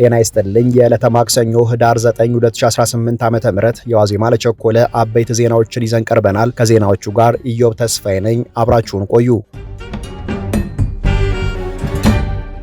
ጤና ይስጥልኝ። የዕለተ ማክሰኞ ህዳር 9 2018 ዓ ም የዋዜማ ለቸኮለ አበይት ዜናዎችን ይዘን ቀርበናል። ከዜናዎቹ ጋር ኢዮብ ተስፋዬ ነኝ። አብራችሁን ቆዩ።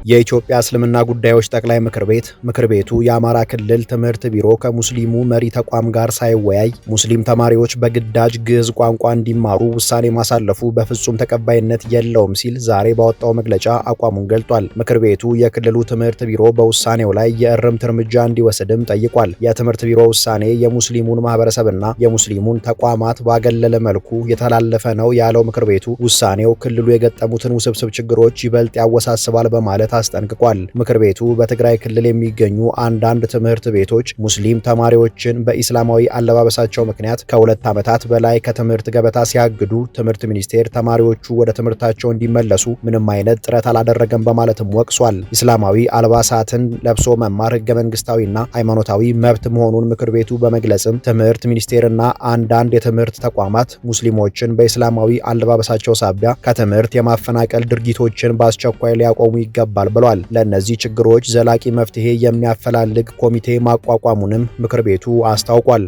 የኢትዮጵያ እስልምና ጉዳዮች ጠቅላይ ምክር ቤት ምክር ቤቱ የአማራ ክልል ትምህርት ቢሮ ከሙስሊሙ መሪ ተቋም ጋር ሳይወያይ ሙስሊም ተማሪዎች በግዳጅ ግዕዝ ቋንቋ እንዲማሩ ውሳኔ ማሳለፉ በፍጹም ተቀባይነት የለውም ሲል ዛሬ ባወጣው መግለጫ አቋሙን ገልጧል። ምክር ቤቱ የክልሉ ትምህርት ቢሮ በውሳኔው ላይ የእርምት እርምጃ እንዲወስድም ጠይቋል። የትምህርት ቢሮ ውሳኔ የሙስሊሙን ማህበረሰብና የሙስሊሙን ተቋማት ባገለለ መልኩ የተላለፈ ነው ያለው ምክር ቤቱ ውሳኔው ክልሉ የገጠሙትን ውስብስብ ችግሮች ይበልጥ ያወሳስባል በማለት አስጠንቅቋል። ምክር ቤቱ በትግራይ ክልል የሚገኙ አንዳንድ ትምህርት ቤቶች ሙስሊም ተማሪዎችን በኢስላማዊ አለባበሳቸው ምክንያት ከሁለት ዓመታት በላይ ከትምህርት ገበታ ሲያግዱ ትምህርት ሚኒስቴር ተማሪዎቹ ወደ ትምህርታቸው እንዲመለሱ ምንም አይነት ጥረት አላደረገም በማለትም ወቅሷል። ኢስላማዊ አልባሳትን ለብሶ መማር ህገ መንግስታዊና ሃይማኖታዊ መብት መሆኑን ምክር ቤቱ በመግለጽም ትምህርት ሚኒስቴርና አንዳንድ የትምህርት ተቋማት ሙስሊሞችን በኢስላማዊ አለባበሳቸው ሳቢያ ከትምህርት የማፈናቀል ድርጊቶችን በአስቸኳይ ሊያቆሙ ይገባል ተፈጥረዋል ብሏል። ለእነዚህ ችግሮች ዘላቂ መፍትሄ የሚያፈላልግ ኮሚቴ ማቋቋሙንም ምክር ቤቱ አስታውቋል።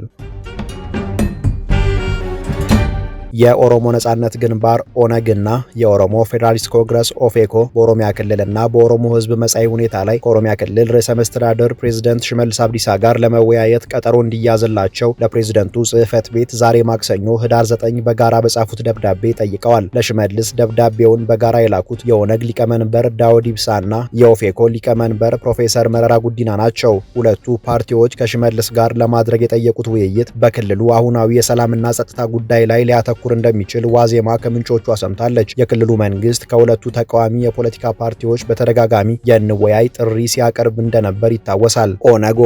የኦሮሞ ነጻነት ግንባር ኦነግና የኦሮሞ ፌዴራሊስት ኮንግረስ ኦፌኮ በኦሮሚያ ክልልና በኦሮሞ ህዝብ መጻኢ ሁኔታ ላይ ከኦሮሚያ ክልል ርዕሰ መስተዳደር ፕሬዝደንት ሽመልስ አብዲሳ ጋር ለመወያየት ቀጠሮ እንዲያዝላቸው ለፕሬዚደንቱ ጽህፈት ቤት ዛሬ ማክሰኞ ህዳር 9 በጋራ በጻፉት ደብዳቤ ጠይቀዋል። ለሽመልስ ደብዳቤውን በጋራ የላኩት የኦነግ ሊቀመንበር ዳውድ ኢብሳና የኦፌኮ ሊቀመንበር ፕሮፌሰር መረራ ጉዲና ናቸው። ሁለቱ ፓርቲዎች ከሽመልስ ጋር ለማድረግ የጠየቁት ውይይት በክልሉ አሁናዊ የሰላምና ጸጥታ ጉዳይ ላይ ሊያተኩር ሊያተኩር እንደሚችል ዋዜማ ከምንጮቿ አሰምታለች። የክልሉ መንግስት ከሁለቱ ተቃዋሚ የፖለቲካ ፓርቲዎች በተደጋጋሚ የንወያይ ጥሪ ሲያቀርብ እንደነበር ይታወሳል። ኦነግ፣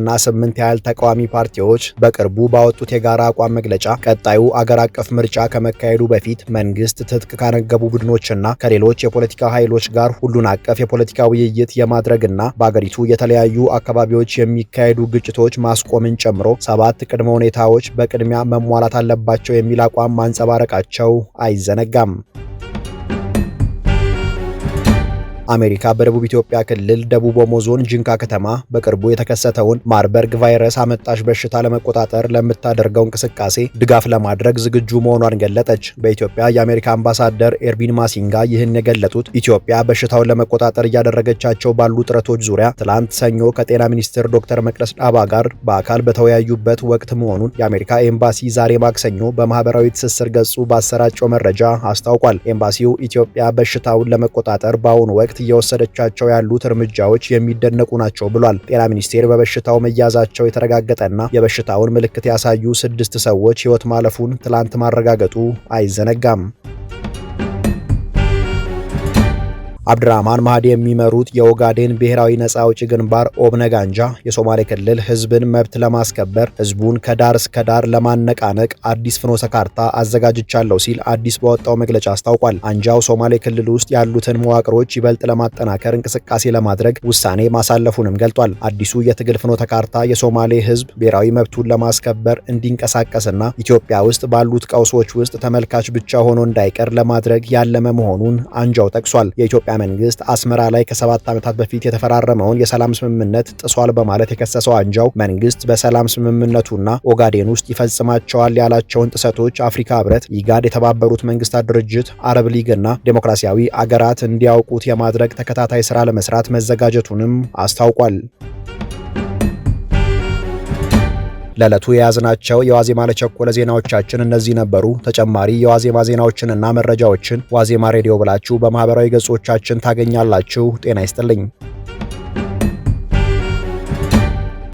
እና ስምንት ያህል ተቃዋሚ ፓርቲዎች በቅርቡ ባወጡት የጋራ አቋም መግለጫ ቀጣዩ አገር አቀፍ ምርጫ ከመካሄዱ በፊት መንግስት ትጥቅ ካነገቡ ቡድኖችና ከሌሎች የፖለቲካ ኃይሎች ጋር ሁሉን አቀፍ የፖለቲካ ውይይት የማድረግና በአገሪቱ የተለያዩ አካባቢዎች የሚካሄዱ ግጭቶች ማስቆምን ጨምሮ ሰባት ቅድመ ሁኔታዎች በቅድሚያ መሟላት አለባቸው የሚል አቋም ማንጸባረቃቸው አይዘነጋም። አሜሪካ በደቡብ ኢትዮጵያ ክልል ደቡብ ኦሞ ዞን ጂንካ ከተማ በቅርቡ የተከሰተውን ማርበርግ ቫይረስ አመጣሽ በሽታ ለመቆጣጠር ለምታደርገው እንቅስቃሴ ድጋፍ ለማድረግ ዝግጁ መሆኗን ገለጠች። በኢትዮጵያ የአሜሪካ አምባሳደር ኤርቪን ማሲንጋ ይህን የገለጡት ኢትዮጵያ በሽታውን ለመቆጣጠር እያደረገቻቸው ባሉ ጥረቶች ዙሪያ ትላንት ሰኞ ከጤና ሚኒስትር ዶክተር መቅደስ ዳባ ጋር በአካል በተወያዩበት ወቅት መሆኑን የአሜሪካ ኤምባሲ ዛሬ ማክሰኞ በማህበራዊ ትስስር ገጹ ባሰራጨው መረጃ አስታውቋል። ኤምባሲው ኢትዮጵያ በሽታውን ለመቆጣጠር በአሁኑ ወቅት እየወሰደቻቸው ያሉት እርምጃዎች የሚደነቁ ናቸው ብሏል። ጤና ሚኒስቴር በበሽታው መያዛቸው የተረጋገጠና የበሽታውን ምልክት ያሳዩ ስድስት ሰዎች ሕይወት ማለፉን ትላንት ማረጋገጡ አይዘነጋም። አብድራህማን ማህዲ የሚመሩት የኦጋዴን ብሔራዊ ነጻ አውጪ ግንባር ኦብነግ አንጃ የሶማሌ ክልል ህዝብን መብት ለማስከበር ህዝቡን ከዳር እስከ ዳር ለማነቃነቅ አዲስ ፍኖተ ካርታ አዘጋጅቻለሁ ሲል አዲስ በወጣው መግለጫ አስታውቋል። አንጃው ሶማሌ ክልል ውስጥ ያሉትን መዋቅሮች ይበልጥ ለማጠናከር እንቅስቃሴ ለማድረግ ውሳኔ ማሳለፉንም ገልጧል። አዲሱ የትግል ፍኖተ ካርታ የሶማሌ ህዝብ ብሔራዊ መብቱን ለማስከበር እንዲንቀሳቀስና ኢትዮጵያ ውስጥ ባሉት ቀውሶች ውስጥ ተመልካች ብቻ ሆኖ እንዳይቀር ለማድረግ ያለመ መሆኑን አንጃው ጠቅሷል። የኢትዮጵያ መንግስት አስመራ ላይ ከሰባት ዓመታት በፊት የተፈራረመውን የሰላም ስምምነት ጥሷል በማለት የከሰሰው አንጃው መንግስት በሰላም ስምምነቱና ኦጋዴን ውስጥ ይፈጽማቸዋል ያላቸውን ጥሰቶች አፍሪካ ህብረት፣ ኢጋድ፣ የተባበሩት መንግስታት ድርጅት፣ አረብ ሊግና ዴሞክራሲያዊ አገራት እንዲያውቁት የማድረግ ተከታታይ ስራ ለመስራት መዘጋጀቱንም አስታውቋል። ለዕለቱ የያዝናቸው የዋዜማ ለቸኮለ ዜናዎቻችን እነዚህ ነበሩ። ተጨማሪ የዋዜማ ዜናዎችንና መረጃዎችን ዋዜማ ሬዲዮ ብላችሁ በማህበራዊ ገጾቻችን ታገኛላችሁ። ጤና ይስጥልኝ።